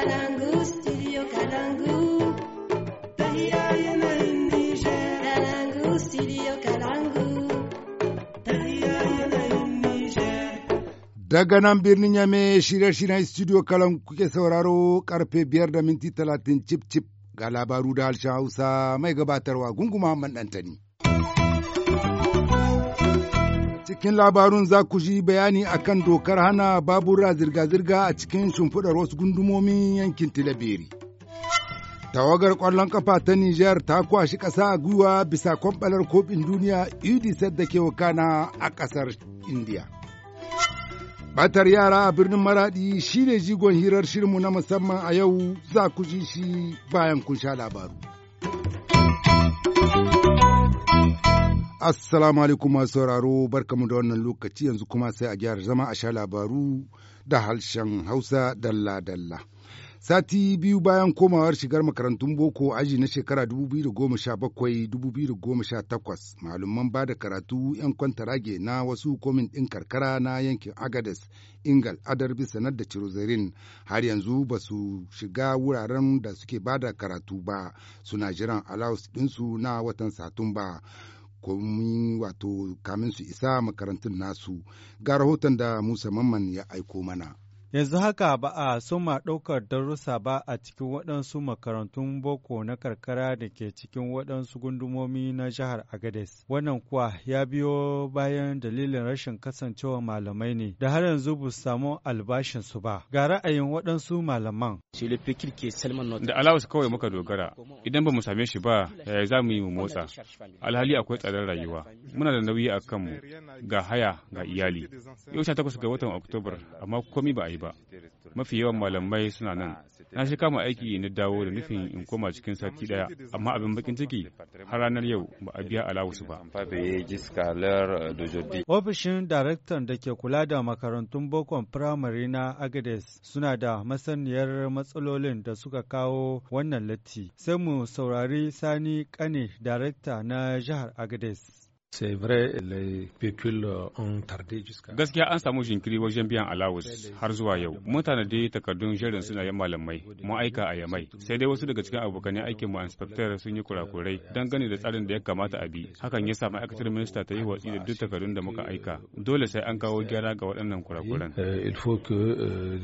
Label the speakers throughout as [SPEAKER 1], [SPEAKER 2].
[SPEAKER 1] Kalangu.
[SPEAKER 2] Daga nan birnin Yame shirye-shiryen studio Kalangu kuke sauraro karfe biyar da minti talatin cip cip ga labaru da harshen Hausa mai gabatarwa Gungu Muhammad Dantani. cikin labarun za ku ji bayani akan dokar hana babura zirga-zirga a cikin shimfiɗar wasu gundumomin yankin tilaberi tawagar ƙwallon ƙafa ta Nijar ta kwashi ƙasa a gwiwa bisa kwamɓalar kofin duniya idisar da ke wakana a ƙasar indiya batar yara a birnin maraɗi shi ne jigon hirar shirmu na musamman a yau za ku ji shi bayan kun sha labaru Assalamu alaikum masu sauraro barkamu da wannan lokaci yanzu kuma sai a gyara zama a sha labaru da harshen Hausa dalla-dalla. Sati biyu bayan komawar shigar makarantun boko aji na shekara 2017-2018 malaman ba da karatu 'yan kwantarage na wasu komin ɗin karkara na yankin Agades, Ingal, Adarbi, Sanar da Cirozerin har yanzu ba su shiga wuraren da suke ba da karatu ba suna jiran alawus ɗinsu na watan Satumba. mun wato kamin su isa makarantun nasu ga rahoton da Musa Mamman ya aiko mana. Yanzu
[SPEAKER 1] haka ba a soma ɗaukar darussa ba a cikin waɗansu makarantun boko na karkara da ke cikin waɗansu gundumomi na jihar Agades. Wannan kuwa ya biyo bayan dalilin rashin kasancewa malamai ne da har yanzu ba samu albashinsu ba. Ga ra'ayin waɗansu malaman.
[SPEAKER 3] Da alawus kawai muka dogara, idan ba mu same shi ba, yaya za mu yi mu motsa? Alhali akwai tsadar rayuwa, muna da nauyi a kanmu, ga haya, ga iyali. Yau sha takwas ga watan Oktobar, amma komi ba a yi ba mafi yawan malamai suna nan na shi kama aiki na dawo da nufin in koma cikin sati daya amma abin bakin ciki har ranar yau ba a biya ala'us ba
[SPEAKER 1] ofishin daraktan da ke kula da makarantun bokon firamare na agades suna da masaniyar matsalolin da suka kawo wannan latti sai mu saurari sani kane darakta na jihar agades
[SPEAKER 3] Gaskiya an samu jinkiri wajen biyan alawus har zuwa yau. Mun tanadi takardun jerin suna yan malamai, mu aika a yamai. Sai dai wasu daga cikin abokan aikin mu inspector sun yi kurakurai gani da tsarin da ya kamata a bi. Hakan ya sa ma'aikatar minista ta yi watsi da duk takardun da muka aika. Dole sai an kawo gyara ga waɗannan kurakuran.
[SPEAKER 1] Eh,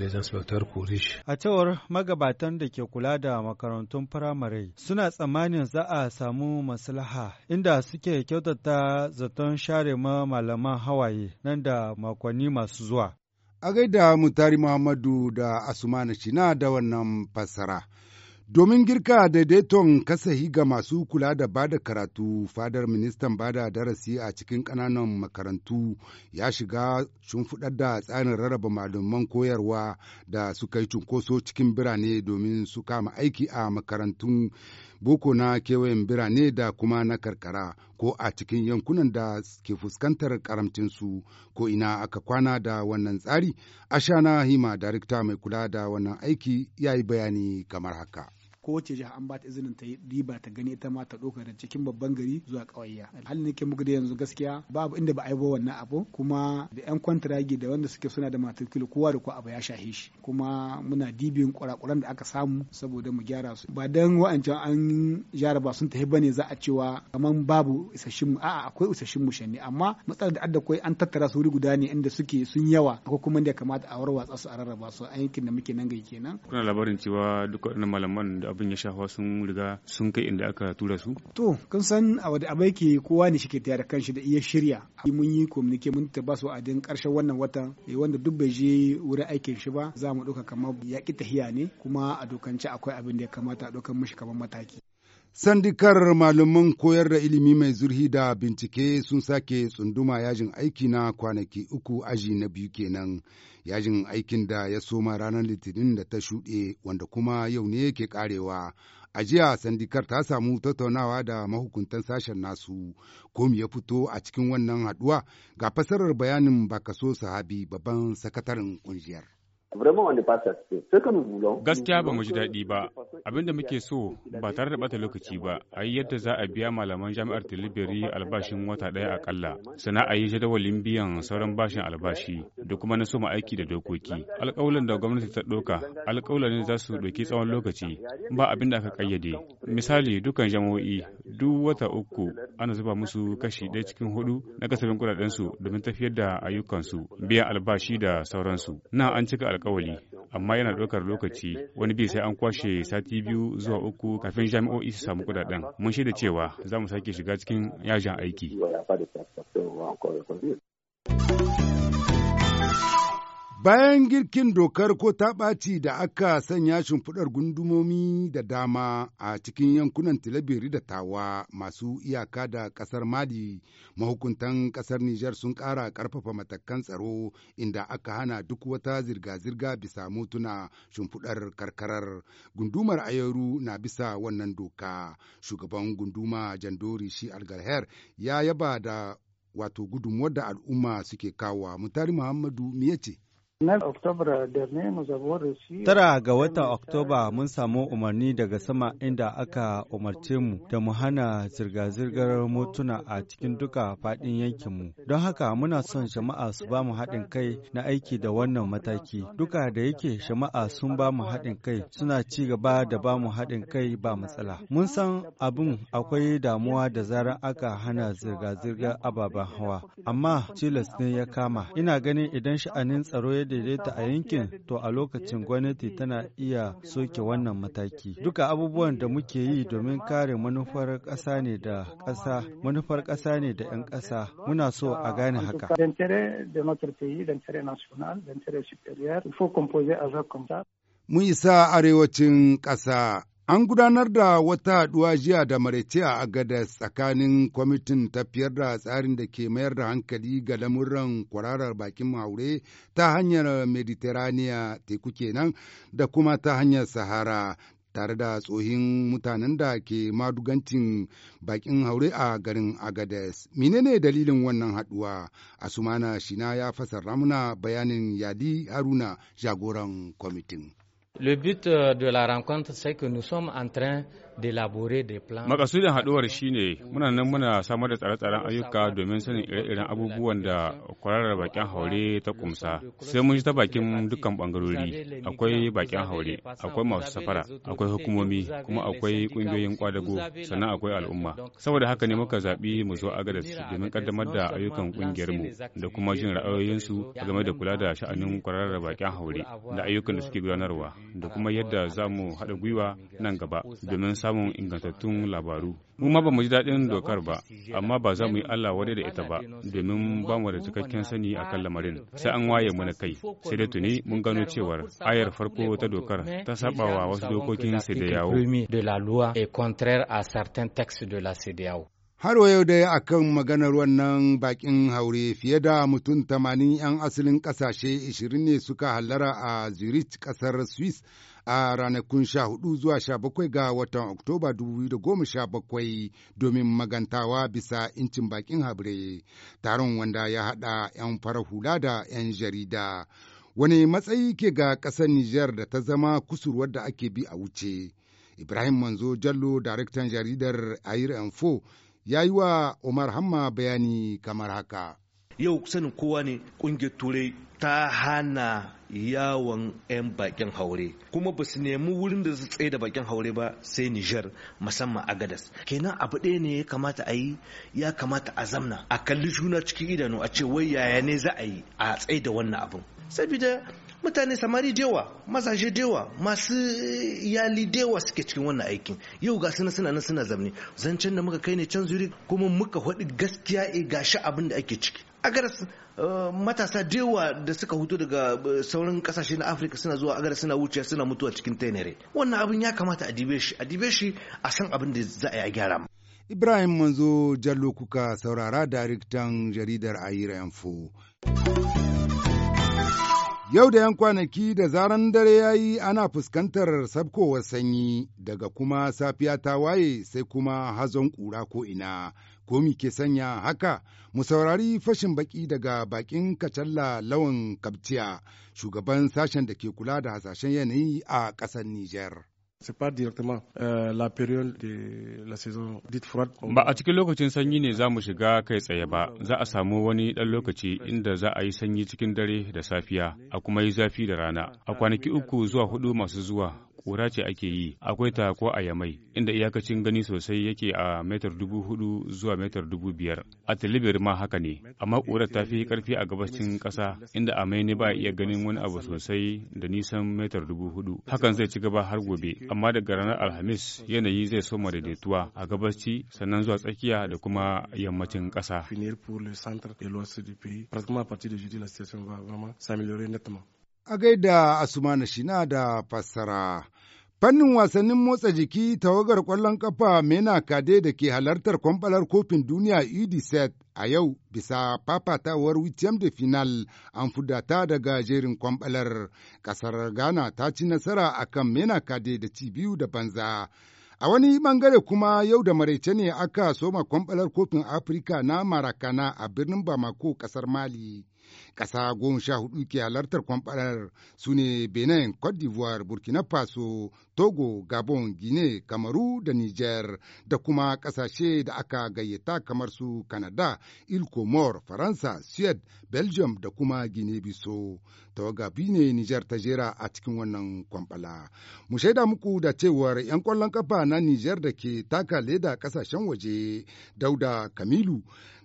[SPEAKER 1] eh, a cewar magabatan da ke kula da makarantun firamare suna tsammanin za a samu maslaha inda suke kyautata zaton share ma malaman hawaye nan da makonni masu zuwa.
[SPEAKER 2] A gaida Mutari Muhammadu da Asumana Shina da wannan fassara. Domin girka daidaiton kasahi ga masu kula da bada karatu, fadar ministan bada darasi a cikin kananan makarantu ya shiga shimfiɗar da tsarin rarraba malaman koyarwa da suka yi cunkoso cikin birane domin su kama aiki a makarantun boko na kewayen birane da kuma na karkara. ko a cikin yankunan da ke fuskantar karamcinsu ko ina aka kwana da wannan tsari ashana hima darikta mai kula da wannan aiki ya yi bayani kamar haka
[SPEAKER 1] ko kowace jiha an ba ta izinin ta yi riba ta gani ita ma ta ɗauka da cikin babban gari zuwa ƙawayya halin yake muku da yanzu gaskiya babu inda ba a yi ba wannan abu kuma da yan kwantiragi da wanda suke suna da matrikil kowa da kowa abu ya shahe shi kuma muna dibin kurakuran da aka samu saboda mu gyara su ba dan wa'ancan an ba sun tafi ne za a cewa kaman babu mu a'a akwai mu mushanni amma matsalar da adda koi an tattara su wuri guda ne inda suke sun yawa ko kuma inda kamata a warwatsa su a rarraba su a yankin da muke nan gai kenan
[SPEAKER 3] kuna labarin cewa duk waɗannan malaman da abin ya shafa sun riga sun kai inda aka tura su
[SPEAKER 1] to kun san a wada abai ke kowa ne shike tayar kanshi da iya shirya mun yi communique mun ta basu a din karshen wannan watan eh, wanda duk bai je wurin aikin shi ba za mu ɗauka kamar yaƙi tahiya ne kuma a dokance akwai abin da ya kamata a ɗaukar mishi kamar mataki
[SPEAKER 2] Sandikar malaman koyar da ilimi mai zurhi da bincike sun sake tsunduma yajin aiki na kwanaki uku aji na biyu kenan. Yajin aikin da ya soma ranar Litinin da ta shuɗe wanda kuma yau ne yake ƙarewa. A jiya sandikar ta samu tattaunawa da mahukuntan sashen nasu, komi ya fito a cikin wannan haɗuwa ga fasarar bayanin baka so Sahabi babban sakataren ƙungiyar.
[SPEAKER 3] Gaskiya ba mu ji daɗi ba, abinda muke so ba tare da bata lokaci ba, a yi yadda za a biya malaman jami'ar Tilibiri albashin wata ɗaya akalla, sana a yi jadawalin biyan sauran bashin albashi da kuma na soma aiki da dokoki. Alƙawalin da gwamnati ta ɗauka, alƙawalin za su ɗauki tsawon lokaci, ba abin da aka ƙayyade. Misali dukkan jami'o'i duk wata uku ana zuba musu kashi ɗaya cikin hudu na kasafin kuɗaɗensu domin tafiyar da ayyukansu, biyan albashi da sauransu. Na an cika alkawali amma yana ɗaukar lokaci wani bi sai an kwashe sati biyu zuwa uku kafin jami'o'i su samu kudaden mun shaida cewa za mu sake shiga cikin yajin aiki
[SPEAKER 2] Bayan girkin dokar ko taɓaci da aka sanya shimfiɗar gundumomi da dama a cikin yankunan Tilabiri da Tawa masu iyaka da ƙasar Mali, mahukuntan ƙasar Nijar sun ƙara ƙarfafa matakan tsaro inda aka hana duk wata zirga-zirga bisa motuna shimfiɗar karkarar. Gundumar Ayaru na bisa wannan doka. Shugaban gunduma Jandori Shi Algarher ya yaba da wato gudunmuwar da al'umma suke kawo. Mutari Muhammadu me yace? Tara
[SPEAKER 1] ga wata Oktoba mun samu umarni daga sama inda aka umarce mu da mu hana zirga-zirgar motuna a cikin duka faɗin yankinmu. Don haka muna son shama'a su ba mu haɗin kai na aiki da wannan mataki. Duka da yake shama'a sun ba mu haɗin kai suna ci gaba da ba mu haɗin kai ba matsala. Mun san abin akwai damuwa da zarar aka hana zirga-zirgar ababen hawa. Amma tilas ne ya kama. Ina ganin idan sha'anin tsaro ya daidaita a yankin to a lokacin gwamnati tana iya soke wannan mataki. Duka abubuwan da muke yi domin kare manufar ƙasa ne da ƙasa, manufar ƙasa ne da 'yan ƙasa. Muna so a
[SPEAKER 2] gane haka. Mun isa arewacin ƙasa. An gudanar da wata haɗuwa jiya da maraice a gada tsakanin kwamitin tafiyar da tsarin da ke mayar da hankali ga lamuran kwararar bakin haure ta hanyar Mediterania teku kenan da kuma ta hanyar Sahara tare da tsohin mutanen da ke madugancin bakin haure a garin Agades. Menene dalilin wannan haɗuwa? Asumana Shina ya fasar ramuna bayanin Yadi Haruna jagoran kwamitin.
[SPEAKER 1] Le but euh, de la rencontre, c'est que nous sommes en train
[SPEAKER 3] Makasudin haduwar shine muna nan muna samar da tsare-tsaren ayyuka domin sanin ire-iren abubuwan da kwararar bakin haure ta kumsa. Sai mun ji ta bakin dukkan bangarori. Akwai bakin haure, akwai masu safara, akwai hukumomi, kuma akwai kungiyoyin kwadago, sannan akwai al'umma. Saboda haka ne muka zaɓi mu zo Agadas domin kaddamar da ayyukan kungiyar mu da kuma jin ra'ayoyinsu game da kula da sha'anin kwararar bakin haure da ayyukan da suke gudanarwa da kuma yadda za mu haɗa gwiwa nan gaba domin samun ingantattun labaru. Mu ma ba mu ji daɗin dokar ba, amma ba za mu yi Allah wadai da ita ba, domin ba mu da cikakken sani a kan lamarin. Sai an waye mana kai, sai da tuni mun gano cewar ayar farko ta dokar ta saba wa wasu dokokin CDAO.
[SPEAKER 2] Har yau dai a kan maganar wannan bakin haure fiye da mutum tamanin 'yan asalin ƙasashe 20 ne suka hallara a Zurich ƙasar Swiss a ranakun sha hudu zuwa sha bakwai ga watan Oktoba dubu domin magantawa bisa incin bakin habre. Taron wanda ya haɗa 'yan fara hula da 'yan jarida. Wani matsayi ke ga ƙasar Nijar da ta zama kusurwar da ake bi a wuce. Ibrahim Manzo Jallo, daraktan jaridar Ayir Info, ya yi wa Omar Hamma bayani kamar haka. yau sanin kowa ne ƙungiyar turai ta hana yawon 'yan
[SPEAKER 1] bakin haure kuma ba su nemi wurin da su tsaye da bakin haure ba sai Nijar musamman Agadas kenan abu ɗaya ne ya kamata a yi ya kamata a zamna a kalli juna cikin idanu a ce wai yaya ne za a yi a tsaye da wannan abun saboda mutane samari dewa mazaje dewa masu yali dewa suke cikin wannan aikin yau ga suna suna suna zamne zancen da muka kai ne can zuri kuma muka faɗi gaskiya eh, ga shi abin da ake ciki agar uh, matasa da da suka hutu daga uh, sauran kasashe na afirka suna zuwa agar suna wuce suna mutuwa cikin tenere wannan abin ya kamata a dibe shi a dibe shi a san abin da za
[SPEAKER 2] a yi a gyara ibrahim manzo jallo kuka saurara daraktan jaridar ayira yanfo Yau da ‘yan kwanaki da zaran dare ya yi ana fuskantar sabkowar sanyi daga kuma safiya ta waye sai kuma hazon ƙura ko ina. komi ke sanya haka mu saurari fashin baki daga bakin kacalla lawan kabciya shugaban sashen da ke kula da hasashen yanayi a ƙasar Nijar. Euh, ba a
[SPEAKER 3] cikin lokacin sanyi ne za mu shiga kai tsaye ba, za a samu wani ɗan lokaci inda za a yi sanyi cikin dare da safiya, a kuma yi zafi da rana. A kwanaki uku zuwa hudu masu zuwa, ƙura ce ake yi akwai ta ko a yamai inda iyakacin gani sosai yake a metar dubu hudu zuwa metar dubu biyar a talibir ma haka ne amma ƙura ta fi karfi a gabashin ƙasa inda a mai ne ba iya ganin wani abu sosai da nisan metar dubu hudu hakan zai ci gaba har gobe amma daga ranar alhamis yanayi zai soma daidaituwa a gabashi sannan zuwa tsakiya da kuma yammacin ƙasa
[SPEAKER 2] a gaida asumana shina da fassara Fannin wasannin motsa jiki tawagar ƙwallon ƙafa Mena Kade da ke halartar kwamfalar kofin duniya UDSET a yau bisa fafatawar wicem da final an fudata daga jerin kwamfalar. Ƙasar Ghana ta ci nasara akan Mena Kade da ci biyu da banza. A wani bangare kuma yau da maraice ne aka soma kwamfalar kofin Afirka na Marakana a birnin Bamako ƙasar Mali. ƙasa goma sha hudu ke halartar kwamfarar su ne benin cote d'ivoire burkina faso togo gabon guinea kamaru da niger da kuma ƙasashe da aka gayyata kamar su canada ilkomor faransa sued belgium da kuma guinea biso tawaga biyu ne niger ta jera a cikin wannan kwamfala mu shaida muku da cewar 'yan kwallon kafa na niger da ke taka leda ƙasashen waje dauda kamilu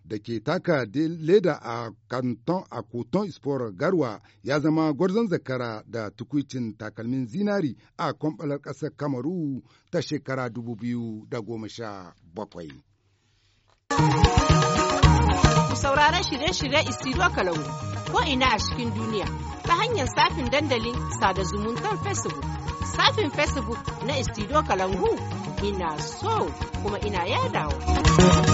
[SPEAKER 2] da ke taka leda a kanton a koton sport garwa ya zama gwarzon zakara da tukwicin takalmin zinari a kwamfalar ƙasar kamaru ta shekara 2017.
[SPEAKER 1] sauraron shirye-shirye Isiro Kalau ko ina a cikin duniya ta hanyar safin dandalin sada zumuntar Facebook. Safin Facebook na Isiro Kalangu ina so kuma ina yadawa.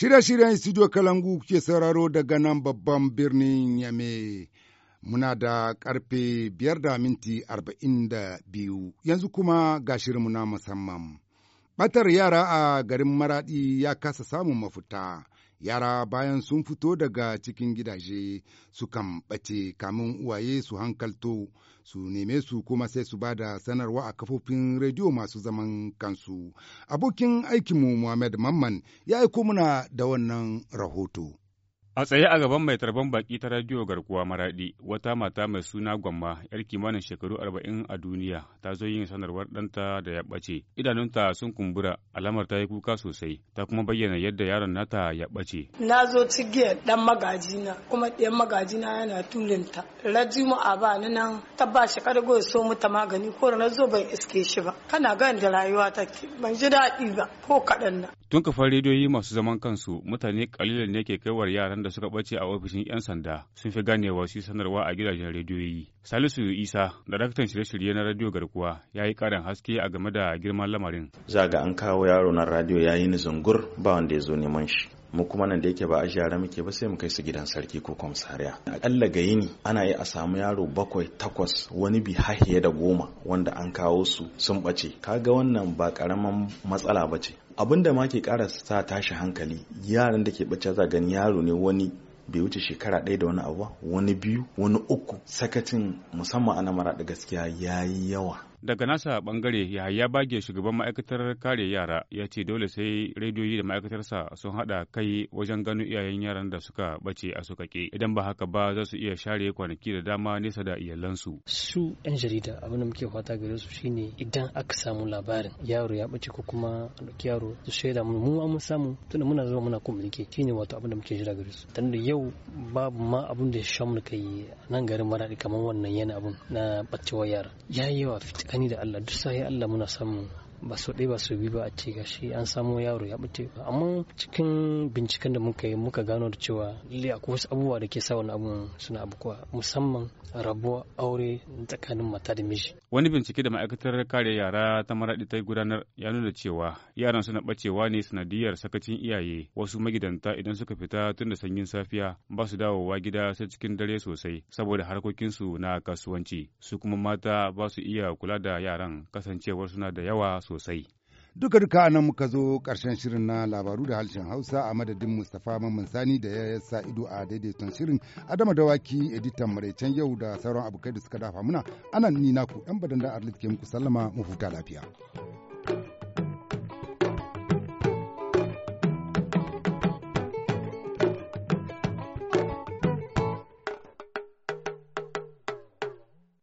[SPEAKER 2] Shirye-shiryen Studio Kalangu kuke sauraro daga nan babban birnin Yame. Muna da karfe biyar da minti arba'in da biyu, yanzu kuma ga shirinmu na musamman. Batar yara a garin Maraɗi ya kasa samun mafuta. yara bayan sun fito daga cikin gidaje su kan ɓace kamun uwaye su hankalto su neme su kuma sai su ba da sanarwa a kafofin rediyo masu zaman kansu abokin aikinmu muhammad mamman ya aiko muna da wannan rahoto
[SPEAKER 3] A tsaye a gaban mai tarban baki ta radiyo garkuwa maraɗi, wata mata mai suna Gwamma, 'yar kimanin shekaru arba'in a duniya, ta zo yin sanarwar ɗanta da ya ɓace. Idanunta sun kumbura, alamar ta yi kuka sosai, ta kuma bayyana yadda yaron nata ya ɓace. Na zo cigiyar ɗan magajina, kuma ɗan magajina yana tulinta. Rajimu a ba ni nan, ta ba shi ƙargo ya so mata magani, ko na zo ban iske shi ba. Kana gan da rayuwa take, ban ji daɗi ba, ko kaɗan na. Tun kafar rediyoyi masu zaman kansu mutane kalilan ne ke kaiwar yaran da suka bace a ofishin 'yan sanda sun fi ganewa su sanarwa a gidajen rediyoyi. Salisu Isa, daraktan shirye-shirye na radiyo garkuwa, ya yi karin haske a game da girman lamarin.
[SPEAKER 1] Za ga an kawo yaro na radiyo ya yi ni zungur ba wanda ya zo neman shi. mu kuma nan da yake ba a share muke ba sai mu kai su gidan sarki ko komisariya akalla ga yini ana yi a samu yaro bakwai takwas wani bi hahiye da goma wanda an kawo su sun bace kaga wannan ba karaman matsala ba ce abin da ma ke kara sa tashi hankali yaran da ke bace za gani yaro ne wani bai wuce shekara ɗaya da wani abu wani biyu wani uku sakacin musamman ana da gaskiya ya yi yawa
[SPEAKER 3] Daga nasa bangare Yahaya Bage shugaban ma'aikatar kare yara ya ce dole sai rediyoyi da ma'aikatarsa sun hada kai wajen gano iyayen yaran da suka bace a sukake idan ba haka ba za su iya share kwanaki da dama nesa da iyalansu.
[SPEAKER 1] Su 'yan jarida abin da muke fata gare su shine idan aka samu labarin yaro ya bace ko kuma dauki yaro su shaida mu mu mun samu tunda muna zuwa muna komunike shine wato abin da muke jira gare su. da yau babu ma abin da ya shamu kai nan garin maradi kamar wannan yana abun. na bacewa yara. Ya yi yawa fit tsakani da Allah duk sai Allah muna samun ba su ɗaya ba su bi ba a ce shi an samu yaro ya ɓace ba amma cikin binciken da muka yi muka gano da cewa lalle akwai wasu abubuwa da ke sa wani abun suna abubuwa musamman rabuwa aure tsakanin mata da miji.
[SPEAKER 3] Wani bincike da ma'aikatar kare yara ta maraɗi ta gudanar ya nuna cewa yaran suna ɓacewa ne sanadiyar sakacin iyaye wasu magidanta idan suka fita tun da sanyin safiya ba su dawowa gida sai cikin dare sosai saboda harkokinsu na kasuwanci su kuma mata ba su iya kula da yaran kasancewar suna da yawa sosai.
[SPEAKER 2] Duka duka nan muka zo ƙarshen shirin na labaru da harshen Hausa a madadin Mustapha Mamman Sani da ya sa ido a daidaiton shirin Adama Dawaki editan maraicen yau da sauran abokai da suka dafa muna anan ni naku ɗan badan da Arlit ke muku sallama mu huta lafiya.